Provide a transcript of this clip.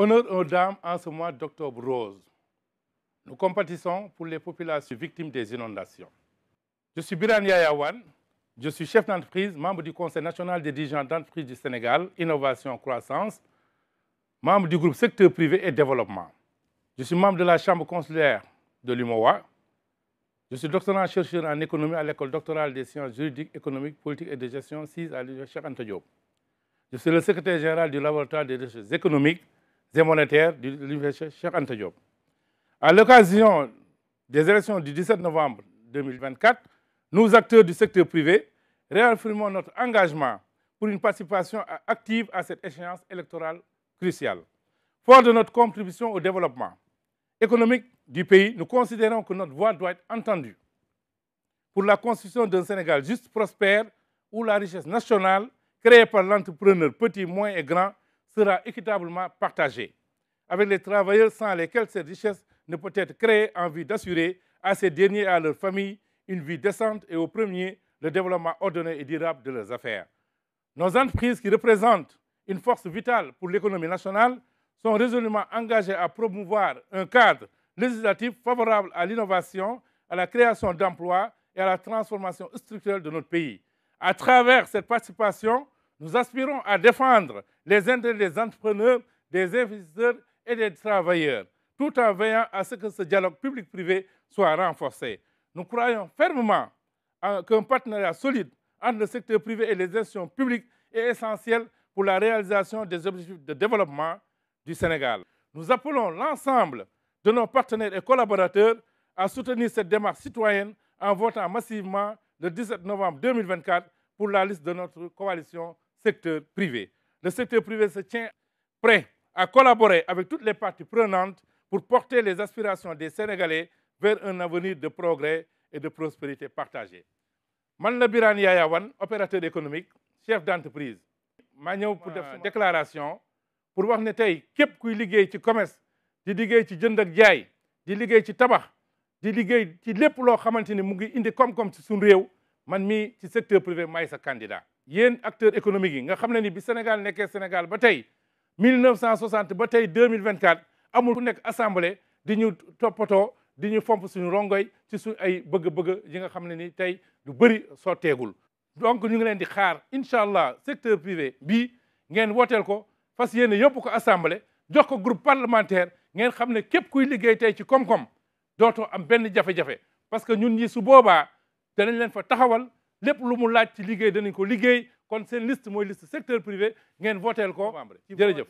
Honneur aux dames en ce mois d'octobre rose. Nous compatissons pour les populations victimes des inondations. Je suis Biran Yayawan, je suis chef d'entreprise, membre du Conseil national des dirigeants d'entreprise du Sénégal, Innovation Croissance, membre du groupe Secteur privé et développement. Je suis membre de la Chambre consulaire de l'UMOA. Je suis doctorant chercheur en économie à l'école doctorale des sciences juridiques, économiques, politiques et de gestion 6 à l'Université Antonio. Je suis le secrétaire général du laboratoire des recherches économiques monétaire de l'Université Cheikh Anta Diop. À l'occasion des élections du 17 novembre 2024, nous, acteurs du secteur privé, réaffirmons notre engagement pour une participation active à cette échéance électorale cruciale. Fort de notre contribution au développement économique du pays, nous considérons que notre voix doit être entendue pour la construction d'un Sénégal juste, prospère, où la richesse nationale créée par l'entrepreneur petit, moyen et grand sera équitablement partagée, avec les travailleurs sans lesquels cette richesse ne peut être créée en vue d'assurer à ces derniers et à leurs familles une vie décente et au premier le développement ordonné et durable de leurs affaires. Nos entreprises qui représentent une force vitale pour l'économie nationale sont résolument engagées à promouvoir un cadre législatif favorable à l'innovation, à la création d'emplois et à la transformation structurelle de notre pays. À travers cette participation, nous aspirons à défendre les intérêts des entrepreneurs, des investisseurs et des travailleurs, tout en veillant à ce que ce dialogue public-privé soit renforcé. Nous croyons fermement qu'un partenariat solide entre le secteur privé et les institutions publiques est essentiel pour la réalisation des objectifs de développement du Sénégal. Nous appelons l'ensemble de nos partenaires et collaborateurs à soutenir cette démarche citoyenne en votant massivement le 17 novembre 2024 pour la liste de notre coalition secteur privé le secteur privé se tient prêt à collaborer avec toutes les parties prenantes pour porter les aspirations des Sénégalais vers un avenir de progrès et de prospérité partagée. man la opérateur économique chef d'entreprise. maa pour def déclaration pour wax ne tey képp kuy liggéey ci commerce di liggéey ci jënd ak jaay di liggéey ci tabax di liggéey ci lépp loo xamante mu ngi indi koom-koom ci réew man mii ci secteur privé maay sa candidat. yéen acteur économiques yi nga xam ne ni bi Sénégal nekkee Sénégal ba tey 1960 ba tey 2024 amul ku nekk assemblée di ñu toppatoo di ñu fomp suñu rongoy ci su ay bëgg-bëgg yi nga xam ne ni tey lu bëri sotteegul donc ñu ngi leen di xaar incha allah secteur privé bii ngeen wooteel ko fas yéene yóbbu ko assemblée jox ko groupe parlementaire ngeen xam ne képp kuy liggéey tey ci koom-koom dootoo am benn jafe-jafe parce que ñun ñi su boobaa danañ leen fa taxawal lépp lu mu laaj ci liggéey danañ ko liggéey kon seen liste mooy liste secteur privé ngeen voteel ko jërëjëf